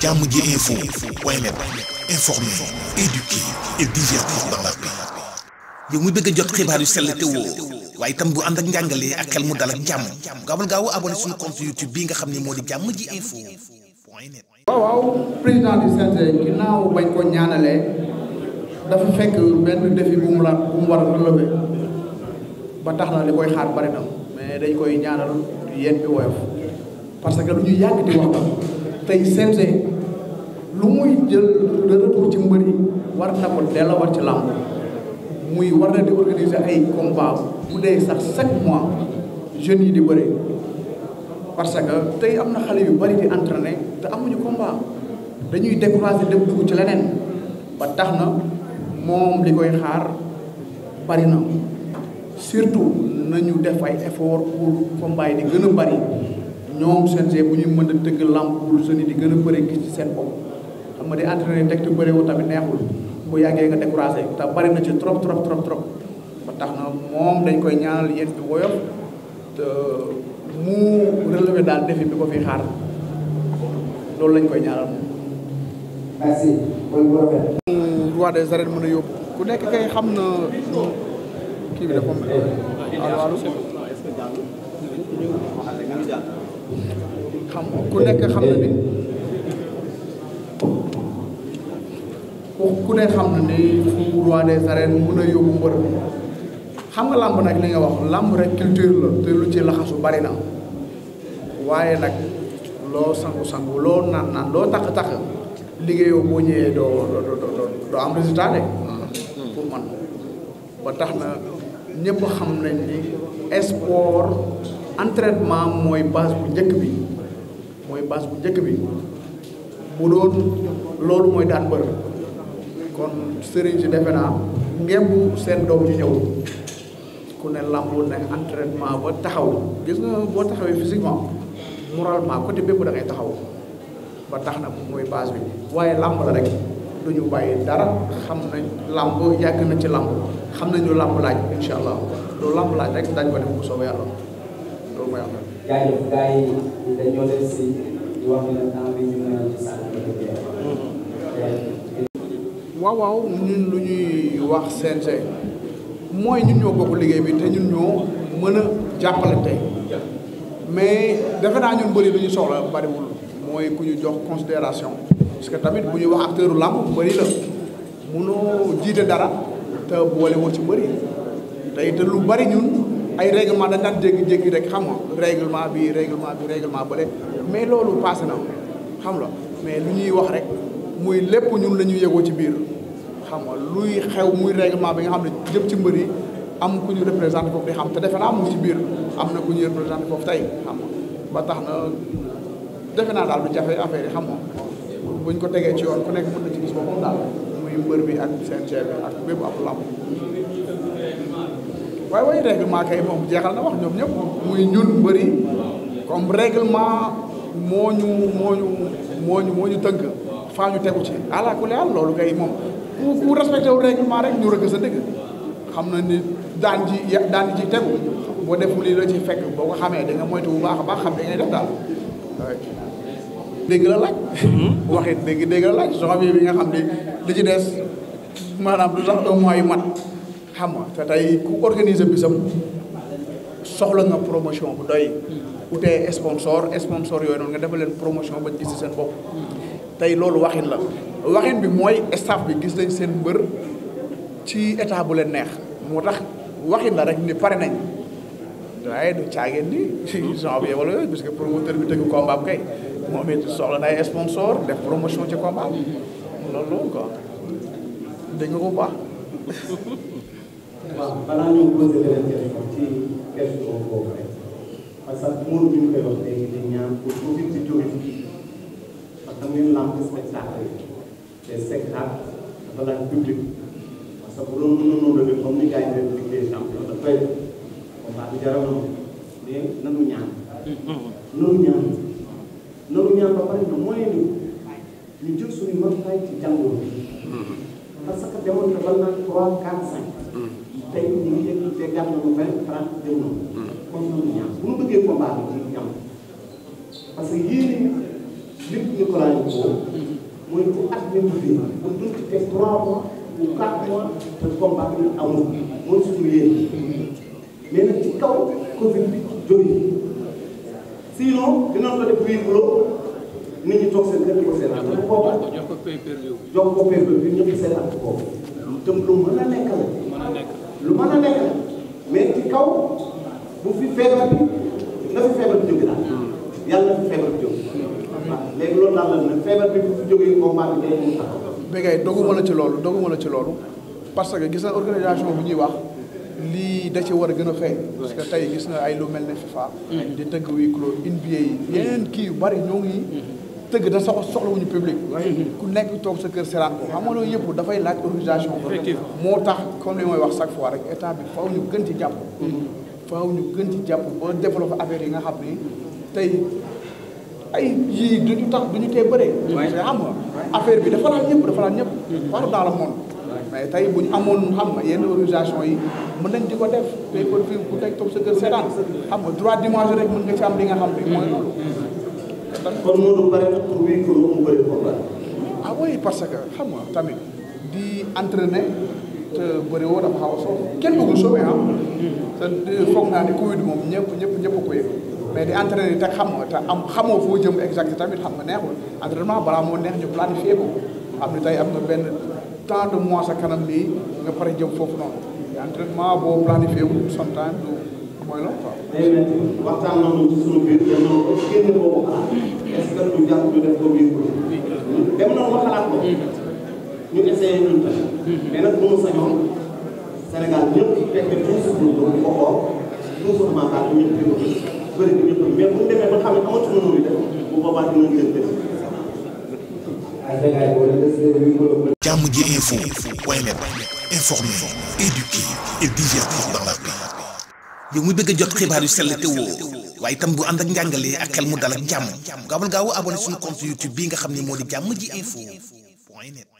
jàmm ji info point net informer, éduquer et divertir dans la paix. yow mi bëgg a jot xibaar yu sell te woo waaye itam bu ànd ak njàngalee ak xel mu dal ak jàmm gaawal gaaw abonné suñu compte YouTube bii nga xam ne moo di jàmm ji info point net. waaw waaw président du CNG ginnaaw bañ ko ñaanalee dafa fekk benn défi bu mu la bu mu war a ba tax na li koy xaar bari na mais dañ koy ñaanal yéen bi woyof parce que lu ñu yàgg di wax tey CNG. lu muy jël de retour ci mbër yi war na ko delloo ci làmb muy war na di organiser ay combat bu dee sax chaque mois jeunes yi di bëre parce que tey am na xale yu bari di entraîner te amuñu combat dañuy décourager dem dugg ci leneen ba tax na moom li koy xaar bari na surtout nañu def ay effort pour combat yi di gën a bari ñoom CNG bu ñuy mën a tëgg làmb pour jeunes yi di gën a bëre gis ci seen bopp xam nga di entraîné teg ci bëriwul tamit neexul bu yàggee nga découragé te bari na ci trop trop trop trop ba tax na moom dañ koy ñaanal yéen bi woyof te mu relevé daal défi bi ko fi xaar loolu lañ koy ñaanal moom. merci. roi des arènes mën a yóbbu ku nekk kay xam na kii eh. ku nekk xam na ni. ku ku ne xam na ni fu roi des arènes mën a yóbbu mbër xam nga làmb nag li nga wax làmb rek culture la te lu ci laxasu bari na waaye nag loo sangu-sangu loo naan naan loo takk-takk liggéeyoo boo ñëwee doo doo doo doo am résultat de pour man ba tax na ñëpp xam nañ ni sport entraînement mooy base bu njëkk bi mooy base bu njëkk bi bu doon loolu mooy daan bër kon sëriñ si defe naa ngembu seen doom ci ñëw ku ne lambu ne entraînement ba taxaw gis nga boo taxawee physiquement moralement côté bépp da ngay taxaw ba tax na mooy base bi waaye làmb la rek du ñu bàyyi dara xam nañ làmb yàgg na ci làmb xam nañu làmb laaj incha allah loolu làmb laaj rek dañ ko def bu soobee yàlla loolu mooy am. ne waaw waaw ñun lu ñuy wax CNG mooy ñun ñoo bokk liggéey bi te ñun ñoo mën a jàppalante mais defe naa ñun bëri lu ñu soxla bariwul mooy ku ñu jox considération parce que tamit bu ñuy wax acteur làmb bëri la mënoo jiite dara te boole woo ci bëri tey te lu bari ñun ay règlement dañ daan jékki rek xam nga réglement bi règlement bi règlement bële mais loolu passé na xam la mais lu ñuy wax rek muy lépp ñun la ñuy yëgoo ci biir xam nga luy xew muy règlement bi nga xam ne jëm ci mbëri yi am ku ñu représenté foofu di xam te defe naa mu ci biir am na ku ñu représenté foofu tey xam ba tax na defe naa daal du jafe affaire yi xam nga buñ ko tegee ci yoon ku nekk mën na ci gis boppam daal muy mbër ak CNG bi ak bépp ab lamb waaye waaye règlement kay ñoom ñëpp muy ñun bëri comme règlement moo ñu moo ñu ñu moo ñu faa ñu tegu ci ala ku leal loolu kay moom ku ku respecté wu règlement rek ñu rëgg sa dëgg xam na ni daan ji daan ji tegu boo deful lii la ci fekk boo ko xamee da nga moytu bu baax a baax xam ne ngay def daal dégg la laaj. Mm-hmm. waxit dégg dégg la laaj janvier bi nga xam ne li ci des maanaam du sax un mois yu mat xam nga te tey ku organiser bisam soxla nga promotion bu doy. Mm-hmm. utee sponsor sponsor yooyu noonu nga defal leen promotion ba si seen bopp. Mm-hmm. tey loolu waxin la waxin bi mooy staff bi gis nañ seen mbër ci état bu leen neex moo tax waxin la rek ni pare nañ waaye du caageen ni ci janvier wala yooyu parce que promoteur bi tëgg combat am kay moom it soxla na ay def promotion ci combat am loolu loolu quoi dégg nga ko baax. waaw balaa ñoo posé beneen question ci question boobu rek parce que mënu ñu koy wax léegi dañ ñaan pour profit ci jóge xam ngeen làmb spectacle yi te spectacle dafa laaj public parce que bu doon mënoon a def comme ni gars yi leen liggéey champion da koy combat bi jaral na mais nanu ñaan nanu ñaan nanu ñaan ba pare na mooy ni ñu jël suñu matukaay ci jàngoro bi parce que demoon na bal na trois quatre cinq tey ñu ngi yëg te gàtt na vingt trente dem na kon nanu ñaan bu ñu bëggee combat bi ci ñam parce que yéene Ibrahima Sow mooy bu at ñëpp fii ba dund te trois mois ou quatre mois te combat bi amul mooy suñu yéen mais nag ci kaw Covid bi jógee sinon dinañ ko def huis clos nit ñi toog seen kër di ko seetaan bu boobaa jox ko pay per view jox ko pay per view ñëpp ko lu tëm lu mën a nekk la lu mën a nekk la mais ci kaw bu fi feebar bi na fi feebar bi jógee yoon lan la bi bu jógee combat bi day taxaw. Bégaye doguma la ci loolu doguma la ci loolu parce que gis na organisation bi ñuy wax lii da ci war a gën a feeñ. parce que tey gis na ay lu mel ne FIFA. Mm-hmm. di tëgg huis clos NBA yi. yeneen kii yu bari ñoo ngi. tëgg da soxla soxlawuñu public. Mm-hmm. ku nekk toog sa kër seeraat ko xam nga loolu yëpp dafay laaj organisation. moo tax kon li mooy wax chaque fois rek état bi faaw ñu gën ci jàpp. Mm-hmm. faaw ñu gën ci jàpp ba développé affaire yi nga xam ni tey. ay yii duñu tax duñu tee bëree. xam nga affaire bi dafa laal ñëpp dafa laal ñëpp. partout dans le monde. mais tey bu ñu amoon xam nga yenn organisation yi mën nañ di ko def tey kon fii ku teg toog sa kër seetaan xam nga droit d'image rek mën nga ci am li nga xam ne mooy loolu. kon loolu bëri na pour wii ko mu bëri problème. ah oui parce que xam nga tamit di entraîner te bëri woo dafa xaw a soof kenn bëggul soobee ah. Mm. te foog naa ne Covid moom ñëpp ñëpp ñëpp a ko yëg. mais di entraîner te xam te am xamoo foo jëm exact tamit xam nga neexul entraînement balaa moo neex ñu planifié ko am ne tey am nga benn temps de mois sa kanam lii nga pare jëm foofu noonu entraînement boo planifié wu sometime du mooy la quoi. léegi nag waxtaan nañu ci sunu ko génne boobu xalaat bëri jàmm ji info waaye nag informer éduquer et divertir dans la paix. yow mu bëgg jot xibaar yu sell te woo waaye itam bu ànd ak njàngalee ak xel mu dal ak jàmm gaawal gaaw abonné suñu compte YouTube bii nga xam ne moo di jàmm ji info point